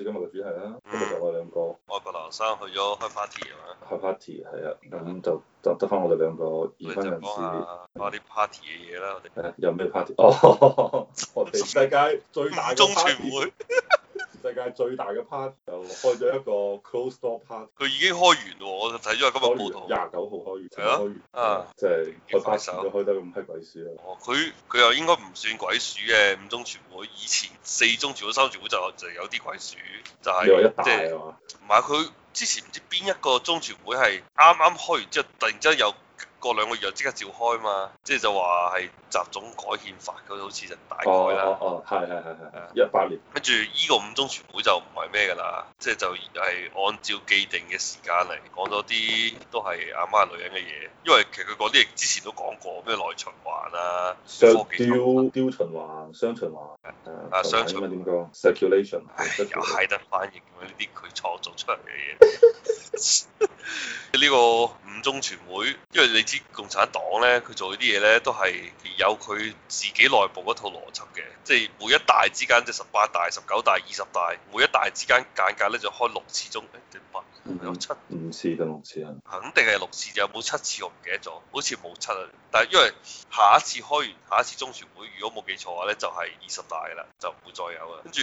今日嘅主題啦，今日就我哋兩個，外國留學生去咗開 party 嘅嘛，開 party 係啊，咁的就就得翻我哋兩個，已婚人士，講下講啲 party 嘅嘢啦，我哋，有咩 party？哦， 我哋世界最大嘅 party 世界最大嘅 part 就開咗一個 close door part，佢已經開完喎，我睇咗今日報道，廿九號開完，係啊，即係我快手開得咁批鬼鼠啊！哦，佢佢又應該唔算鬼鼠嘅五中全會，以前四中全會、全好三中全會就就有啲鬼鼠，就係即係唔係佢之前唔知邊一個中全會係啱啱開完之後，就是、突然之間有。過兩個月又即刻召開嘛，即係就話係集中改憲法，嗰種好似就大改啦。哦哦，係係係係，一八年。跟住依個五中全會就唔係咩噶啦，即係就係按照既定嘅時間嚟講咗啲都係阿媽女人嘅嘢，因為其實佢講啲之前都講過，咩內循環啊、雙丟丟循環、雙循環啊，啊雙循環點講？circulation 又 high 得反應，呢啲佢創作出嚟嘅嘢。呢個。五中全會，因為你知共產黨呢，佢做啲嘢呢，都係有佢自己內部嗰套邏輯嘅，即係每一大之間，即十八大、十九大、二十大，每一大之間間隔呢，就開六次中，誒、哎，定八有七五次，次定六次啊？肯定係六次就有冇七次我唔記得咗，好似冇七啊。但係因為下一次開完，下一次中全會，如果冇記錯嘅話呢，就係二十大嘅啦，就唔會再有喇。跟住。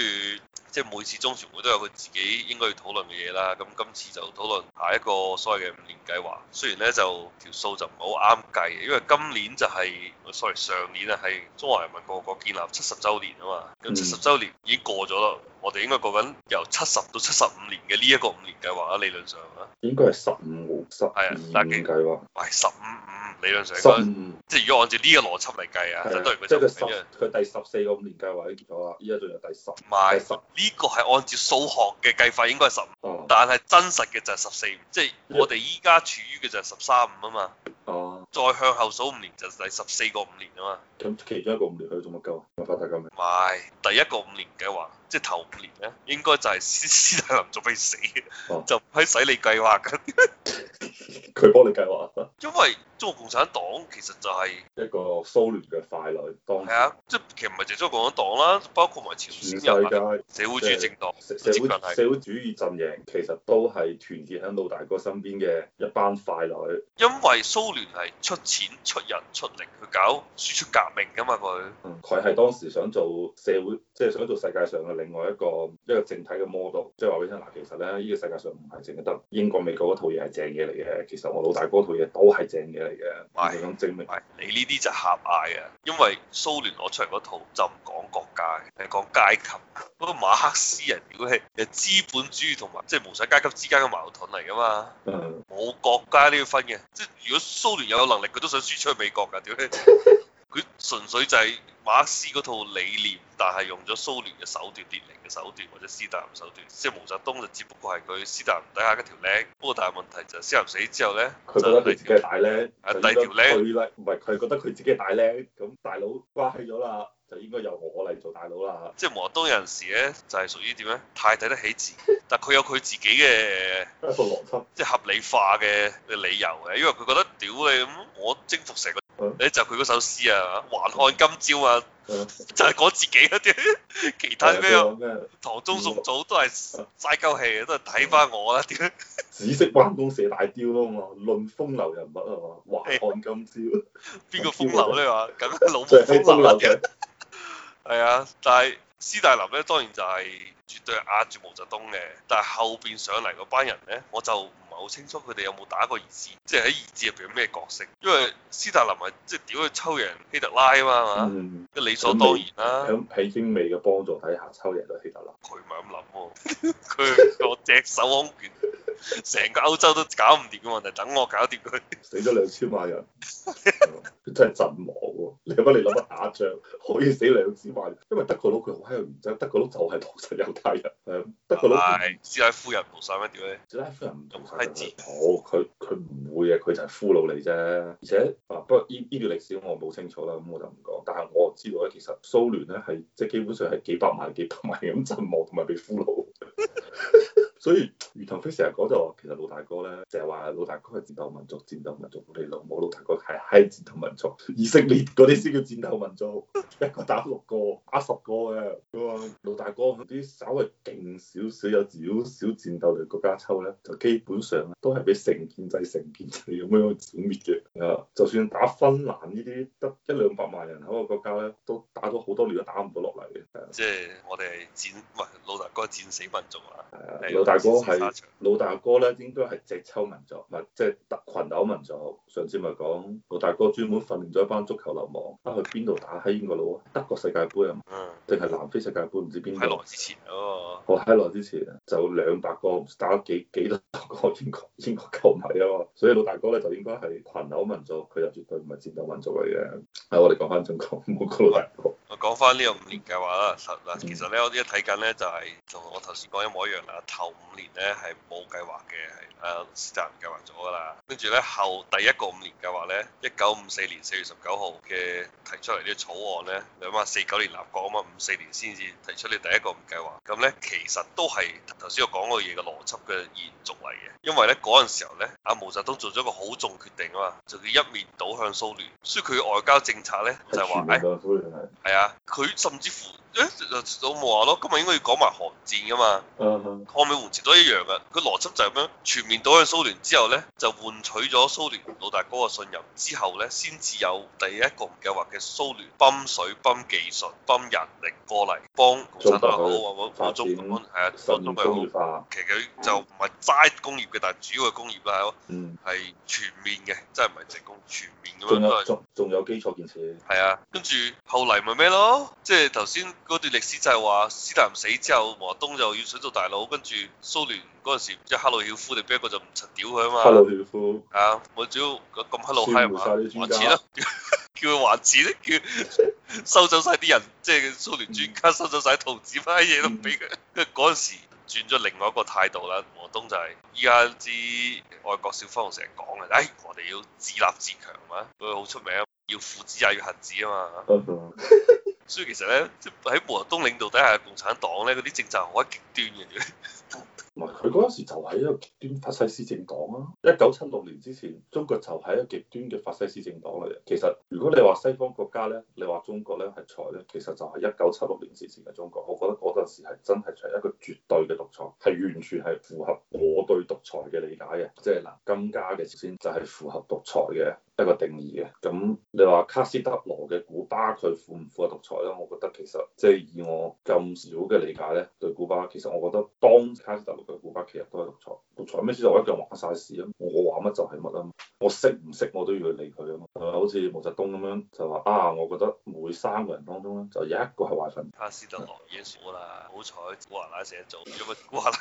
即係每次中全會都有佢自己應該要討論嘅嘢啦，咁今次就討論下一個所謂嘅五年計劃。雖然呢就條數就唔係好啱計嘅，因為今年就係，是，sorry，上年啊係中華人民共和國建立七十週年啊嘛，咁七十週年已經過咗咯。我哋應該過緊由七十到七十五年嘅呢一個五年計劃啊，理論上啊，應該係十五五，係啊，廿幾計劃，咪十五五理論上，即係如果按照呢個邏輯嚟計啊，都係嗰十五，佢第十四個五年計劃已經結束啦，依家仲有第十，咪十呢個係按照數學嘅計法應該係十五，但係真實嘅就係十四，即係我哋依家處於嘅就係十三五啊嘛，哦，再向後數五年就第十四個五年啊嘛，咁其中一個五年佢仲乜鳩啊？發大鳩未？咪第一個五年計劃。即係頭五年呢，應該就係斯斯大林仲未死，啊、 就唔使你計劃㗎。佢幫你計劃啊？因為。中國共產黨其實就係一個蘇聯嘅傀儡，係啊，即係其實唔係淨中國共產黨啦，包括埋朝鮮人、社會主義政黨、社會社會主義陣營，其實都係團結喺老大哥身邊嘅一班傀儡。因為蘇聯係出錢、出人、出力去搞輸出革命㗎嘛，佢佢係當時想做社會，即、就、係、是、想做世界上嘅另外一個一個政體嘅 model。即係話俾你聽嗱，其實咧呢、這個世界上唔係淨係得，英國、美國嗰套嘢係正嘢嚟嘅，其實我老大哥套嘢都係正嘅。係嘅，係咁證明。你呢啲就狹隘啊！因為蘇聯攞出嚟嗰套就唔講國家，係講階級。嗰個馬克思人如果係，其實資本主義同埋即係無產階級之間嘅矛盾嚟噶嘛。冇國家都要分嘅，即係如果蘇聯有有能力，佢都想輸出去美國㗎。屌你！ 佢純粹就係馬克思嗰套理念，但係用咗蘇聯嘅手段、列寧嘅手段或者斯大林手段，即係毛澤東就只不過係佢斯大林底下嗰條僆。不過大問題就係斯大林死之後咧，佢覺得佢自己大僆，啊大條僆，唔係佢覺得佢自己大僆，咁大佬瓜起咗啦，就應該由我嚟做大佬啦。即係毛澤東有陣時咧，就係屬於點咧？太睇得起自己，但佢有佢自己嘅一個邏輯，即係合理化嘅理由嘅，因為佢覺得屌你咁，我征服成。你就佢嗰首詩啊，還看今朝啊，就係、是、講自己啊啲，其他咩啊，唐宗宋祖都係嘥鳩氣嘅，都係睇翻我啦、啊、啲。只識彎弓射大鵰咯嘛，論風流人物啊嘛，哎、還看今朝。邊個風流咧話咁老毛風流啊？係啊， 但係施大林咧，當然就係絕對係壓住毛澤東嘅，但係後邊上嚟嗰班人咧，我就。冇清楚佢哋有冇打過二戰，即係喺二戰入邊有咩角色？因為斯大林係即係屌佢抽贏希特拉啊嘛，嘛、嗯，都理所當然啦、啊。響喺英美嘅幫助底下，抽贏咗希特拉，佢唔係咁諗喎，佢 個隻手安成個歐洲都搞唔掂嘅問題，等我搞掂佢。死咗兩、 嗯、千萬人，真係陣亡喎！你乜你諗下打仗可以死兩千萬人？因為德國佬佢好閪唔爭，德國佬就係屠殺猶太人，德國佬。唔係、啊。斯、欸、拉夫人屠殺咩屌你？斯拉夫人唔同晒係自屠。佢佢唔會嘅，佢就係俘虜你啫。而且啊，不過呢呢段歷史我冇清楚啦，咁我就唔講。但係我知道咧，其實蘇聯咧係即係基本上係幾百萬、幾百萬咁陣亡同埋被俘虜。 所以魚塘飛成日講就話，其實老大哥咧就係話老大哥係戰鬥民族，戰鬥民族你老母。我老大哥係係戰鬥民族，以色列嗰啲先叫戰鬥民族，一個打六個，打十個嘅、啊。咁老大哥啲稍微勁少少，有少少戰鬥力國家抽咧，就基本上都係俾成建制、成建制咁去剿滅嘅。啊，就算打芬蘭呢啲得一兩百萬人口嘅國家咧，都打咗好多年都打唔到落嚟嘅。即係我哋戰唔老大哥戰死民族啊。大哥係老大哥咧，應該係直抽民族，唔係即係群毆民族。上次咪講老大哥專門訓練咗一班足球流氓，去邊度打喺英國佬？德國世界盃啊，定係、嗯、南非世界盃？唔知邊個？好耐之前啊，好耐之前就兩百個打幾幾多個英國英國球迷啊嘛，所以老大哥咧就應該係群毆民族，佢就絕對唔係戰鬥民族嚟嘅。係、啊、我哋講翻中國五個老大哥。我講翻呢個五年計劃啦。實嗱，其實咧我一睇緊咧就係、是、同我頭先講一模一樣啦，頭。五年咧係冇計劃嘅，係誒先暫唔計劃咗㗎啦。跟住咧後第一個五年計劃咧，一九五四年四月十九號嘅提出嚟啲草案咧，你諗下四九年立國嘛，咁啊五四年先至提出你第一個唔計劃。咁咧其實都係頭先我講個嘢嘅邏輯嘅延續嚟嘅，因為咧嗰陣時候咧，阿毛澤東做咗個好重決定啊嘛，就叫一面倒向蘇聯，所以佢外交政策咧就係話誒，係、蘇聯、啊，佢甚至乎誒我冇話咯，今日應該要講埋韓戰㗎嘛，抗美援。全都一樣嘅，個邏輯就係咁樣全面倒向蘇聯之後咧，就換取咗蘇聯老大哥嘅信任，之後咧先至有第一個五年計劃嘅蘇聯泵水泵技術泵人力過嚟幫共產黨，中啊、中發展，啊、就是是工業化。其實佢就唔係齋工業嘅，但係主要係工業啦，係、嗯、全面嘅，真係唔係淨工全面咁樣。仲有仲仲以有基礎建設。係啊，跟住後嚟咪咩咯？即係頭先嗰段歷史就係話斯大林死之後，毛澤東就要想做大佬，跟住。蘇聯嗰陣時，即係赫魯曉夫定邊一個就唔曾屌佢啊嘛！赫魯曉夫啊，我主要咁黑老閪，還錢啦，叫佢還錢啦，叫收走晒啲人，即係 蘇聯專家，收走晒啲圖紙乜嘢都唔俾佢。因為嗰陣時轉咗另外一個態度啦，黃東就係依家知外國小方成日講嘅，誒，我哋要自立自強啊嘛，佢好出名，要父子啊，要核子啊嘛。 所以其實咧，即喺毛澤東領導底下嘅共產黨咧，嗰啲政策好極端嘅。 佢嗰陣時就係一個極端法西斯政黨啊！一九七六年之前，中國就係一個極端嘅法西斯政黨嚟、啊、嘅。其實，如果你話西方國家咧，你話中國咧係財咧，其實就係一九七六年之前嘅中國。我覺得嗰陣時係真係一個絕對嘅獨裁，係完全係符合我對獨裁嘅理解嘅。即係嗱，金家嘅首先就係符合獨裁嘅一個定義嘅。咁你話卡斯特羅嘅古巴佢符唔符合獨裁咧？我覺得其實即係、就是、以我咁少嘅理解咧，對古巴其實我覺得當卡斯特羅其實都係財財咩事，我一樣話晒事啊！我話乜就係乜啊！我識唔識我都要去理佢啊嘛！好似毛澤東咁樣就話啊，我覺得每三個人當中咧就有一個係壞神。阿、啊、斯特羅已經傻啦，好彩古華拉成日做，因為古華拉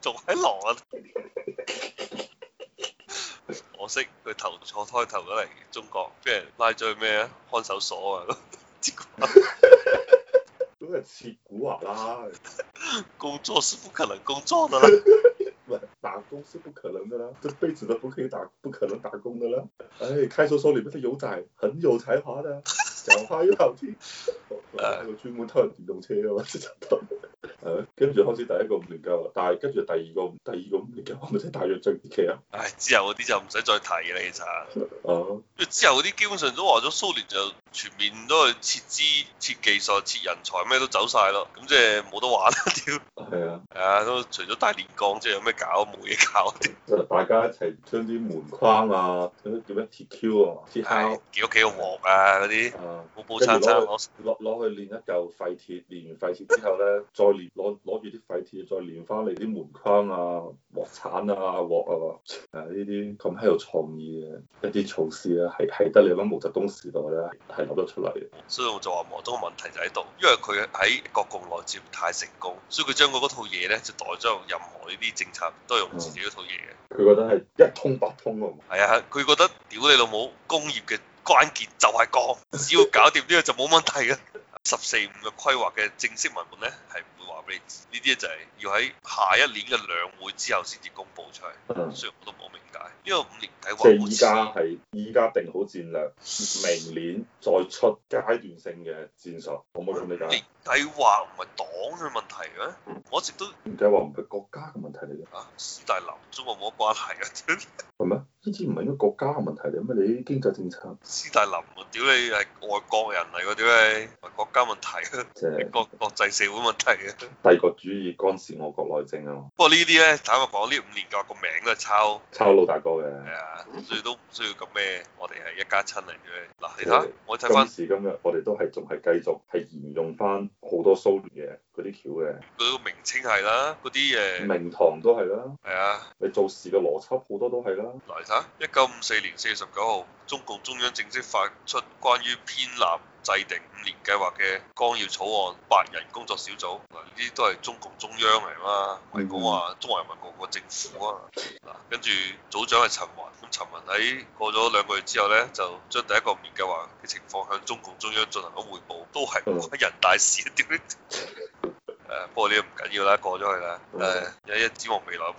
做喺狼啊！ 我識佢投錯胎投咗嚟，中國俾人拉咗去咩啊？看守所啊！咁係切古華拉。 工作是不可能工作的啦，唔 打工是不可能的啦，這輩子都不可以打，不可能打工的啦。哎，開收收裏面的友仔很有才華的，講話又好聽。一、這個專門偷人電動車咯，即、啊、跟住開始第一個五年計劃，但係跟住第二個，第二個五年計劃，即係大約最、哎、就唔期啊。唉，之後嗰啲就唔使再提啦，其實。哦、啊。之後嗰啲基本上都話咗蘇聯就。全面都係撤資、撤技術、撤人才，咩都走晒咯，咁即係冇得玩啦！屌，係啊，係啊，都除咗大連鋼，即係有咩搞，冇嘢搞。即係大家一齊將啲門框啊，嗰啲叫咩？鐵鏇啊，鐵鏇，幾多幾多鑊啊？嗰啲，煲煲餐餐攞，攞攞去練一嚿廢鐵，練完廢鐵之後咧，再練攞攞住啲廢鐵，再練翻你啲門框啊、鑊鏟啊、鑊啊，呢啲咁喺度創意嘅一啲措施啊，係係得你諗毛澤東時代咧，出嚟，所以我就話毛東嘅問題就喺度，因為佢喺國共內戰太成功，所以佢將佢嗰套嘢咧就代將任何呢啲政策都用自己嗰套嘢嘅。佢覺得係一通百通，係嘛？係啊，佢覺得屌你老母，工業嘅關鍵就係鋼，只要搞掂呢個就冇問題啊！ 十四五嘅規劃嘅正式文本咧，係唔會話俾你知，呢啲就係要喺下一年嘅兩會之後先至公布出嚟，嗯、所以我都冇明解，因為五年計劃。即係依家係依家定好戰略，明年再出階段性嘅戰術，我冇同你咁理解？五年計劃唔係黨嘅問題嘅，嗯、我一直都五年計劃唔係國家嘅問題嚟嘅。啊，史大林中國冇乜關係啊？點？係咩？呢啲唔係一個國家嘅問題嚟咩？你經濟政策，斯大林喎、啊，屌你係外國人嚟嗰啲咩？國家問題啊，國、就是、國際社會問題啊，帝國主義干涉我國內政啊嘛。不過呢啲咧，坦白講，呢五年嚟個名都係抄，抄老大哥嘅。係啊，所以都唔需要咁咩？我哋係一家親嚟嘅。嗱、啊，你睇的我睇翻今時今日，我哋都係仲係繼續係沿用翻好多蘇聯嘅。啲嘅，嗰個名稱係啦，嗰啲誒名堂都係啦，係啊，你做事嘅邏輯好多都係啦。你睇，一九五四年四月十九號，中共中央正式發出關於偏南制定五年計劃嘅綱要草案，八人工作小組，嗱，呢啲都係中共中央嚟嘛，啦，我話、啊 mm hmm. 中華人民共和國政府啊，嗱，跟住組長係陳雲，咁陳雲喺過咗兩個月之後呢，就將第一個五年計劃嘅情況向中共中央進行咗彙報，都係關人大事啊，點、mm hmm. 誒，不過呢個唔緊要啦，過咗去啦。誒的，一一展望未來。